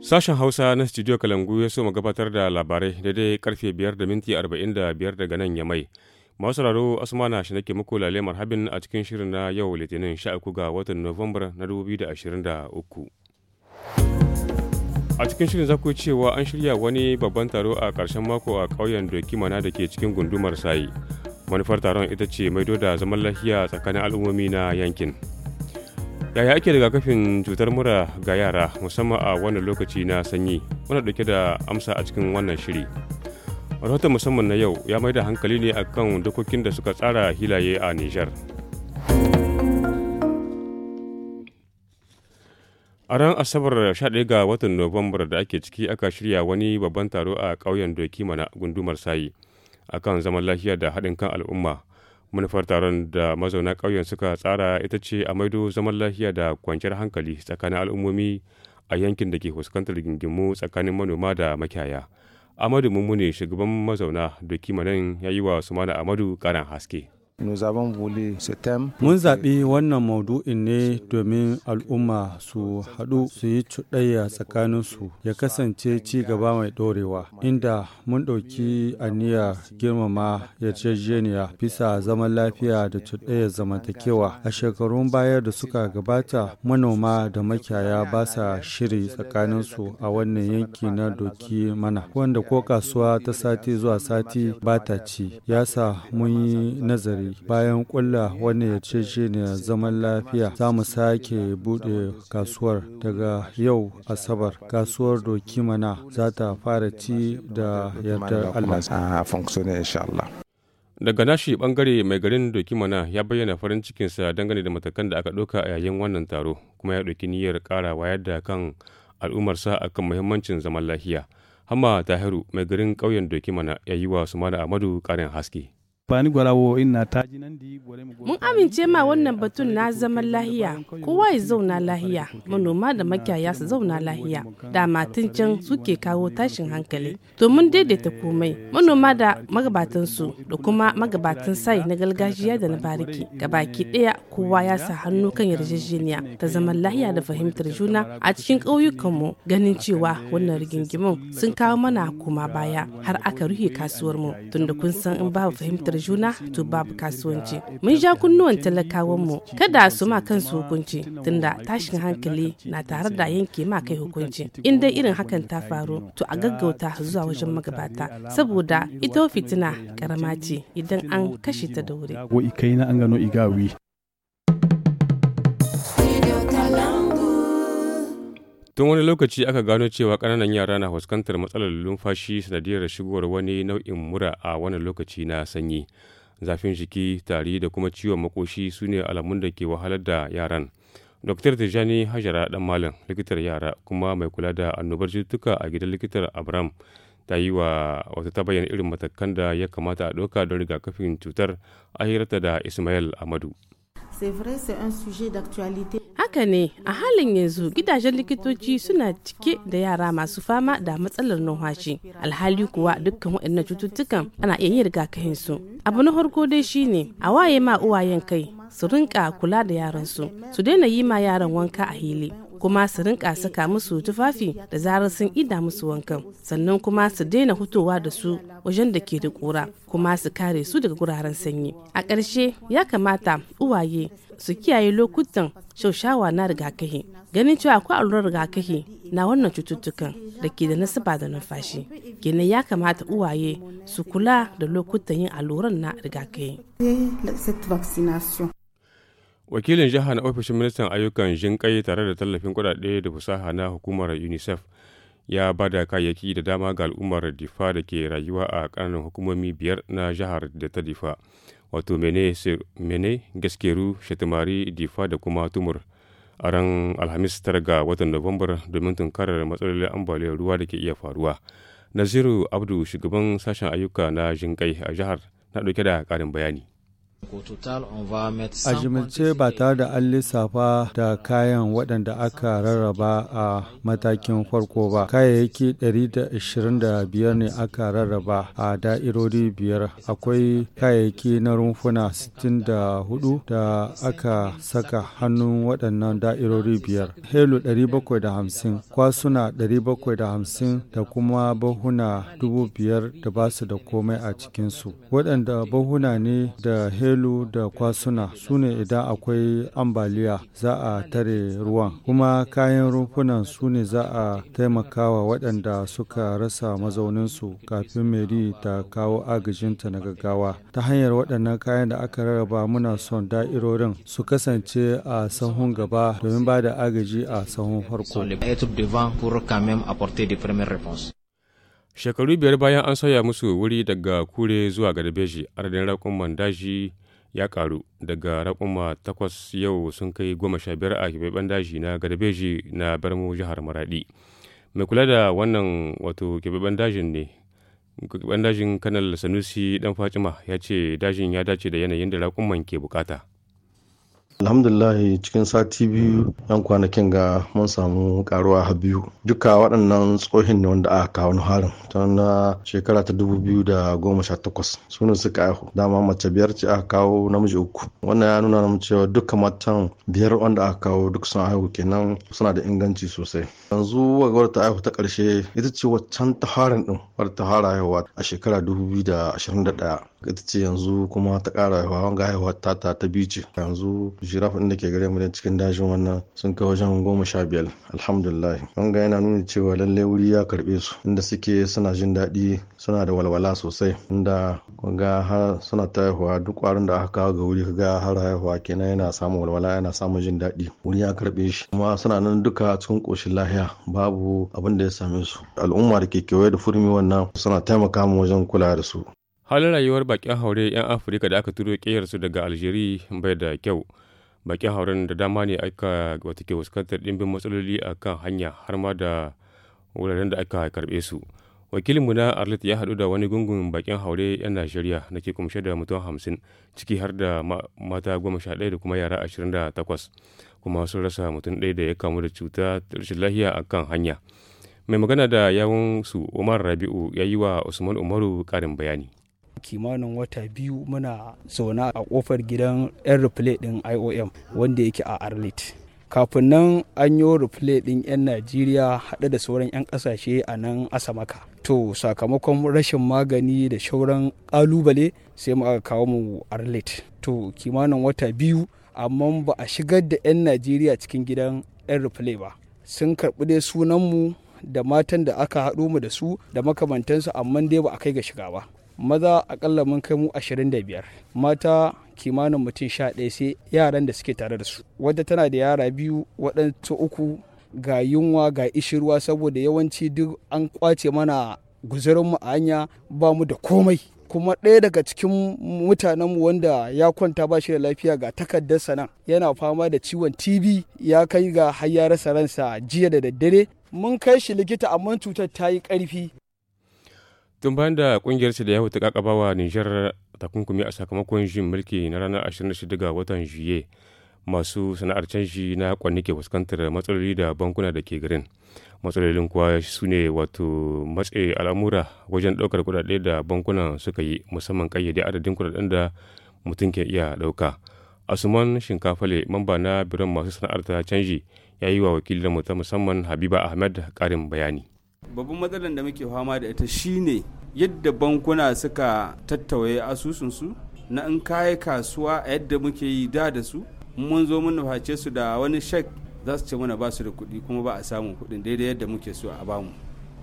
Sashen Hausa na Studio Kalangu ya so gabatar da labarai daidai karfe 5 da minti 45 daga nan ya mai. Masu sauraro Asmana shi nake muku marhabin a cikin shirin na yau Litinin 13 ga watan Nuwambar na 2023. A cikin shirin za ku cewa an shirya wani babban taro a ƙarshen mako a ƙauyen Dokimana da ke cikin gundumar Sayi. manufar taron ita ce maido da zaman lafiya tsakanin al'ummomi na yankin yaya ake kafin cutar mura ga yara musamman a wannan lokaci na sanyi muna dauke da amsa a cikin wannan shiri rahoton musamman na yau ya mai da hankali ne a kan dokokin da suka tsara hilaye a nijar a ran asabar 11 ga watan nuwambar da ake ciki aka shirya wani babban taro a ƙauyen doki mana gundumar sayi akan zaman lafiya da haɗin kan al'umma manufar taron da mazauna ƙauyen suka tsara ita ce a maido zaman lafiya da kwanciyar hankali tsakanin al'ummomi a yankin da ke fuskantar gingimu tsakanin manoma da makiyaya amadu mummune shugaban mazauna da kimanin ya yi wa sumana amadu ƙaran haske Mun zaɓi wannan maudu'in ne domin al'umma su haɗu su yi cuɗayya tsakaninsu ya kasance ci gaba mai ɗorewa, inda mun ɗauki aniya girmama yarjejeniya bisa zaman lafiya da cuɗayyar zamantakewa. A shekarun baya da suka gabata manoma da makiyaya ba sa shiri tsakaninsu a wannan yanki na doki mana, wanda ko kasuwa ta sati zuwa sati ba ta ci, ya sa mun yi nazari bayan kulla wani ya ce shi ne zaman lafiya za mu sake buɗe kasuwar daga yau asabar kasuwar dokimana za ta fara ci da yardar Allah. daga nashi bangare mai garin dokimana ya bayyana farin cikinsa dangane da matakan da aka ɗauka a yayin wannan taro kuma ya ɗauki niyyar kara wayar da kan al'ummarsa akan muhimmancin zaman lafiya hamma tahiru mai garin ƙauyen dokimana ya yi wa sumana amadu ƙarin haske Mun amince ma wannan batun na zaman lahiya, kowa ya zauna lahiya, manoma da makiyaya su zauna lahiya, da matin can suke kawo tashin hankali. Domin daidaita komai, manoma da magabatansu da kuma magabatan sai na gargajiya da na bariki, baki ɗaya kowa ya sa hannu kan yarjejeniya ta zaman lahiya da fahimtar juna a cikin ƙauyukan mu ganin cewa wannan rigingimin sun kawo mana koma baya har aka ruhe kasuwarmu tunda kun san in babu fahimtar juna to babu kasuwanci mun ja kunnuwan talakawan mu kada su ma kansu hukunci tunda tashin hankali na tare da yanke ma kai hukunci in dai irin hakan ta faru to a gaggauta zuwa wajen magabata saboda ita fitina karama ce idan an kashe ta da wuri. Tun wani lokaci aka gano cewa ƙananan yara na fuskantar matsalar lumfashi sanadiyar shigowar wani nau'in mura a wani lokaci na sanyi. Zafin jiki, tari da kuma ciwon makoshi su ne alamun da ke wahalar da yaran. Dr. Tijani Hajara Dan Malam, likitar yara kuma mai kula da annobar cututtuka a gidan likitar Abram, ta yi wa wata ta bayyana irin matakan da ya kamata a ɗauka don rigakafin cutar a hirarta da Ismail Amadu. Haka ne a halin yanzu gidajen likitoci suna cike da yara masu fama da matsalar numfashi. Alhali kuwa dukkan waɗannan cututtukan ana iya yin rigakafin su. Abu na farko dai shine a waye ma uwayen kai su rinka kula da yaransu su daina yi ma yaran wanka a hili kuma su rinka saka musu tufafi da zarar sun ida musu wankan sannan kuma su daina hutowa da su wajen da ke da kura kuma su kare su daga guraren sanyi a ƙarshe ya kamata uwaye su kiyaye lokutan shaushawa na rigakafi ganin cewa akwai allurar rigakafi na wannan cututtukan da ke da nasaba da numfashi gina ya kamata uwaye su kula da lokutan yin alluran na rigakafi wakilin jiha na ofishin ministan ayyukan jinƙai tare da tallafin kuɗaɗe da fusaha na hukumar unicef ya ba da kayayyaki da dama ga al'ummar difa da ke rayuwa a ƙananan hukumomi biyar na jihar da ta difa wato mene, mene gaskeru shatimari difa da kuma tumur a ran alhamis tara ga watan nuwambar domin tunkarar matsalolin ambaliyar ruwa da ke iya faruwa naziru abdu shugaban sashen ayyuka na jinƙai a jihar na ɗauke da ƙarin bayani A jimilce ba tare da an lissafa da kayan waɗanda aka rarraba a matakin farko ba. Kayayyaki 125 ne aka rarraba a da'irori biyar. Akwai kayayyaki na rumfuna 64 da aka saka hannun waɗannan da'irori biyar. helo 750, kwasuna 750 da kuma bahuna 5,000 da ba su da komai a cikinsu. Waɗanda bahuna ne da helo elu da kwasuna su ne idan akwai ambaliya za a tare ruwan kuma kayan rumfunan su ne za a taimakawa waɗanda suka rasa mazauninsu kafin meri ta kawo agajinta na gaggawa ta hanyar waɗannan kayan da aka rarraba muna son da'irorin su kasance a sahun gaba domin ba da agaji a sahun farko shekaru biyar bayan an sauya musu wuri daga kure zuwa garbeji adadin rakun mandaji ya karu daga raƙuma takwas yau sun kai goma sha biyar a keɓaɓɓen daji na garbeji na barmo jihar maradi mai kula da wannan wato keɓaɓɓen dajin ne keɓaɓɓen dajin kanal sanusi dan fatima ya ce dajin ya dace da yanayin da raƙuman ke bukata alhamdulillah cikin sati biyu yan kwanakin ga mun samu karuwa ha biyu duka waɗannan tsohin ne wanda aka kawo na harin tun na shekara ta dubu biyu da goma sha takwas sunan suka aihu dama mace biyar ce aka kawo namiji uku wannan ya nuna mu cewa duka matan biyar wanda aka kawo duk sun aihu kenan suna da inganci sosai yanzu wagawar ta aihu ta ƙarshe ita ce waccan ta harin din wadda ta fara haihuwa a shekara dubu biyu da ashirin da ɗaya ita ce yanzu kuma ta kara haihuwa wanga haihuwa tata ta biyu ce yanzu jiraf ɗin da ke gare mu da cikin dajin wannan sun kai wajen goma sha biyar alhamdulillah wanga yana nuna cewa lallai wuri ya karɓe su inda suke suna jin daɗi suna da walwala sosai inda ga har suna ta haihuwa duk ƙwarin da aka kawo ga wuri ga har haihuwa kenan yana samun walwala yana samun jin daɗi wuri ya karɓe shi kuma suna nan duka cikin koshin lahiya babu abin da ya same su al'umma da ke kewaye da furmi wannan suna taimaka mu wajen kula da su halin rayuwar bakin haure 'yan afirka da aka turo ƙeyarsu daga algeria bai da kyau bakin hauren da dama ne aka wata ke fuskantar ɗimbin matsaloli a kan hanya har ma da wuraren da aka karɓe su wakilinmu na arlet ya haɗu da wani gungun bakin haure 'yan najeriya na ke kumshe da mutum hamsin ciki har da mata goma sha ɗaya da kuma yara ashirin da takwas kuma sun rasa mutum ɗaya da ya kamu da cuta rashin lahiya a kan hanya mai magana da yawun su umar rabi'u ya yi wa usman umaru karin bayani kimanin wata biyu muna zauna a kofar gidan yan replay din iom wanda yake a arlit kafin nan an yi replay din yan najeriya haɗa da sauran yan ƙasashe a nan asamaka to sakamakon rashin magani da shauran ƙalubale sai mu aka kawo mu arlit to kimanin wata biyu amma ba a shigar da 'yan najeriya cikin gidan 'yan rufle ba sun karɓi dai sunanmu da matan da aka haɗo mu da su da makamantansu amma dai ba a kai ga shiga ba maza akalla mun kai mu 25 mata kimanin mutum 11 sai yaran da suke tare da su wadda tana da yara biyu waɗansu uku ga yunwa ga ishirwa saboda yawanci duk an kwace mana guzurinmu a hanya ba mu da komai kuma ɗaya daga cikin mutanenmu wanda ya kwanta ba shi da lafiya ga takardarsa nan yana fama da ciwon tb ya kai ga har ya rasa ransa jiya da daddare mun kai shi likita amma cutar ta yi ƙarfi tun bayan da kungiyar da ya hutu kakaba wa nijar takunkumi a sakamakon jin mulki na ranar 26 ga watan juye masu sana'ar canji na kwanne ke fuskantar matsaloli da bankuna da ke garin matsalolin kuwa su ne wato matse al'amura wajen ɗaukar kuɗaɗe da bankunan suka yi musamman ƙayyade adadin kuɗaɗen da mutum ke iya ɗauka asuman shinkafale mamba na biran masu sana'ar ta canji ya yi wa wakilinmu ta musamman habiba ahmed ƙarin bayani babban matsalar da muke fama da ita shine yadda bankuna suka tattawaye asusunsu na in kayi kasuwa a yadda muke yi da da su mun zo mun nuface su da wani shek za su ce mana ba su da kuɗi kuma ba a samun kuɗin daidai yadda muke so a bamu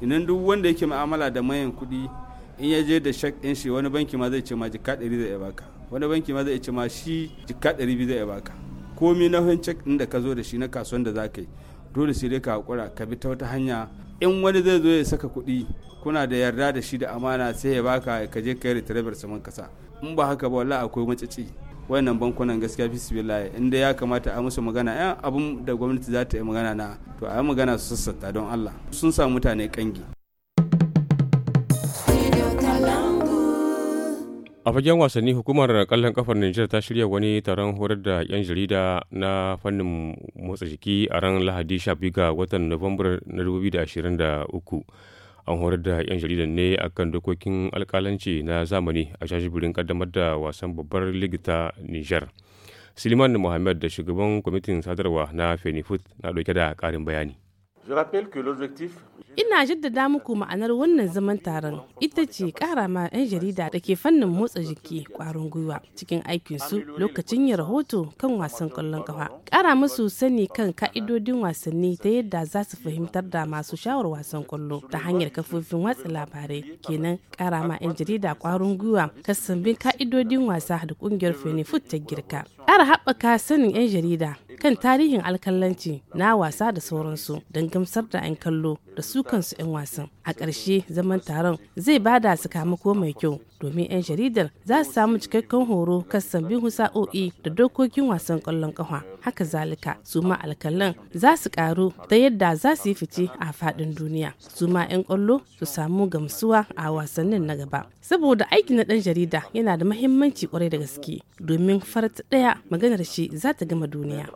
inan duk wanda yake ma'amala da mayan kuɗi in ya je da shek ɗin shi wani banki ma zai ce ma jika ɗari zai baka wani banki ma zai ce ma shi jika ɗari biyu zai baka komi na hin cek ɗin da ka zo da shi na kasuwan da za ka yi dole sai dai ka haƙura ka bi ta wata hanya in wani zai zo ya saka kuɗi kuna da yarda da shi da amana sai ya baka ka je kai tarabar saman kasa in ba haka ba wallahi akwai macici wannan bankunan gaskiya fi billahi inda ya kamata a musu magana yan abun da gwamnati za ta yi magana na to a yi magana su sassata don Allah sun samu mutane kangi A fagen wasanni hukumar kallon kafar Nijar ta shirya wani taron horar da 'yan jarida na fannin motsa jiki a ran Lahadi 12 ga watan Nuwambar na 2023. An horar da 'yan jarida ne akan dokokin alkalanci na zamani a shashibirin kaddamar da wasan babbar ligi ta Nijar. Siliman Muhammad da shugaban kwamitin sadarwa na Fenifut na ɗauke da ƙarin bayani. Ina jaddada muku ma'anar wannan zaman taron ita ce kara ma 'yan jarida da ke fannin motsa jiki kwarin gwiwa cikin aikinsu lokacin ya rahoto kan wasan kwallon kafa. Kara musu sani kan ka'idodin wasanni ta yadda za su fahimtar da masu shawar wasan kwallo ta hanyar kafofin watsa labarai kenan kara ma 'yan jarida kwarin gwiwa ta sabbin ka'idodin wasa da kungiyar Fenifut ta girka. Kara haɓaka sanin 'yan jarida kan tarihin alkalanci na wasa da sauransu gamsar da 'yan kallo da su kansu 'yan wasan a ƙarshe zaman taron zai bada sakamako mai kyau domin 'yan jaridar za su samu cikakken horo kan sabbin husa'o'i da dokokin wasan ƙwallon ƙafa haka zalika su ma alkalan za su ƙaru ta yadda za su yi fice a faɗin duniya su ma 'yan ƙwallo su samu gamsuwa a wasannin na gaba saboda aiki na ɗan jarida yana da mahimmanci kwarai da gaske domin farat ɗaya maganar shi za ta gama duniya.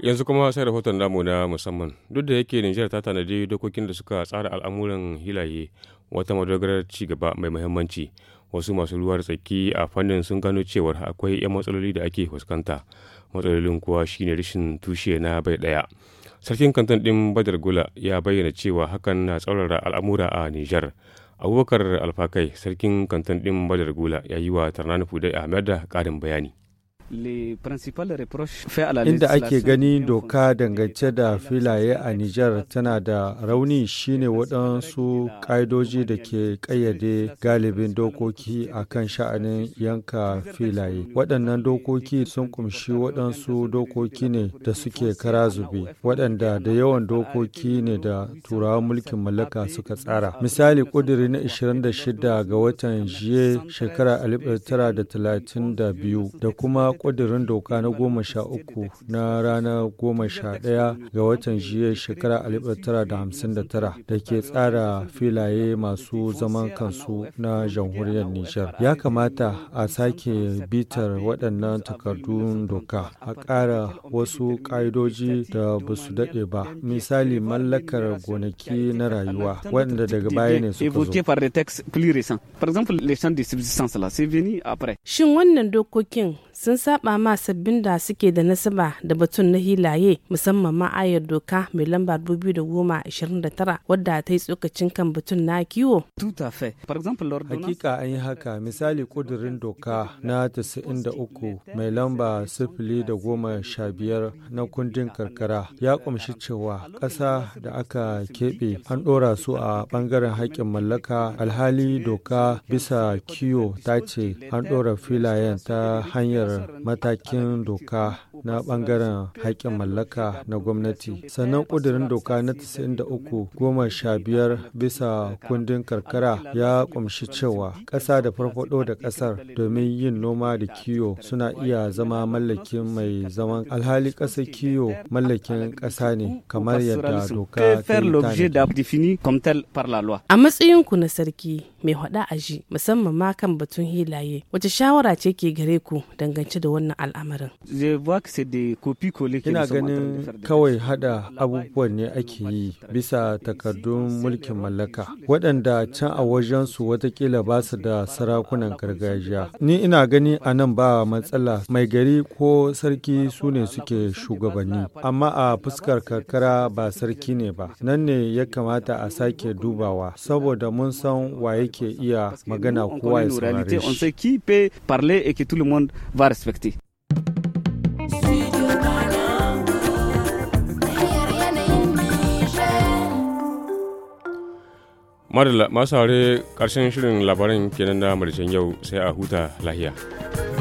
yanzu kuma sai rahoton namu na musamman duk da yake nijar ta tanadi dokokin da suka tsara al'amuran hilaye wata madogarar ci gaba mai muhimmanci wasu masu ruwa da tsaki a fannin sun gano cewar akwai 'yan matsaloli da ake fuskanta matsalolin kuwa shine rashin tushe na bai daya sarkin kantan ɗin badar gula ya bayyana cewa hakan na tsaurara al'amura a nijar abubakar alfakai sarkin kantan ɗin badar gula ya yi wa tarnani fudai ahmed da ƙarin bayani Inda ake gani doka dangance da filaye a Nijar tana da rauni shine waɗansu ƙa'idoji da ke ƙayyade galibin dokoki a kan sha'anin yanka filaye. Waɗannan dokoki sun kumshi waɗansu dokoki ne da suke kara zube, waɗanda da yawan dokoki ne da turawan mulkin mallaka suka tsara. Misali ƙuduri na 26 ga watan Jiye shekara da kuma ƙudurin doka na goma sha uku na ranar goma sha ɗaya ga watan jiya shekara alif tara da hamsin da tara da ke tsara filaye masu zaman kansu na jamhuriyar Nijar. Ya kamata a sake bitar waɗannan takardun doka a ƙara wasu ƙa'idoji da ba su daɗe ba. Misali mallakar gonaki na rayuwa waɗanda daga baya ne suka zo. Shin wannan dokokin sun saba ma sabbin da suke da nasaba da batun na hilaye musamman ma ayar doka mai lamba 2029 wadda ta yi tsokacin kan batun na kiwo. Hakika an yi haka misali kudurin doka na 93 mai lamba 015 na kundin karkara ya kumshi cewa ƙasa da aka keɓe an ɗora su a ɓangaren haƙƙin mallaka alhali doka bisa kiwo ta ce an ɗora filayen ta hanyar É, matakin tá tá doka na bangaren haƙƙin mallaka na gwamnati sannan ƙudurin doka na 93 goma sha biyar bisa kundin karkara ya ƙumshi cewa ƙasa da farfaɗo da ƙasar domin yin noma da kiyo suna iya zama mallakin mai zaman alhali ƙasa kiyo mallakin ƙasa ne kamar yadda doka a matsayin ku na sarki mai hada aji musamman ma kan batun hilaye wace shawara ce ke gare ku dangance da wannan al'amarin Ina ganin kawai hada abubuwan ne ake yi bisa takardun mulkin mallaka waɗanda can a wajensu watakila ba su da sarakunan gargajiya. Ni ina gani a nan ba matsala mai gari ko sarki su ne suke shugabanni amma a fuskar karkara ba sarki ne ba nan ne ya kamata a sake dubawa saboda mun san wa yake iya magana kowa ya samu shi. madalla masu haure karshen shirin labaran kenan na marishin yau sai a huta lahiya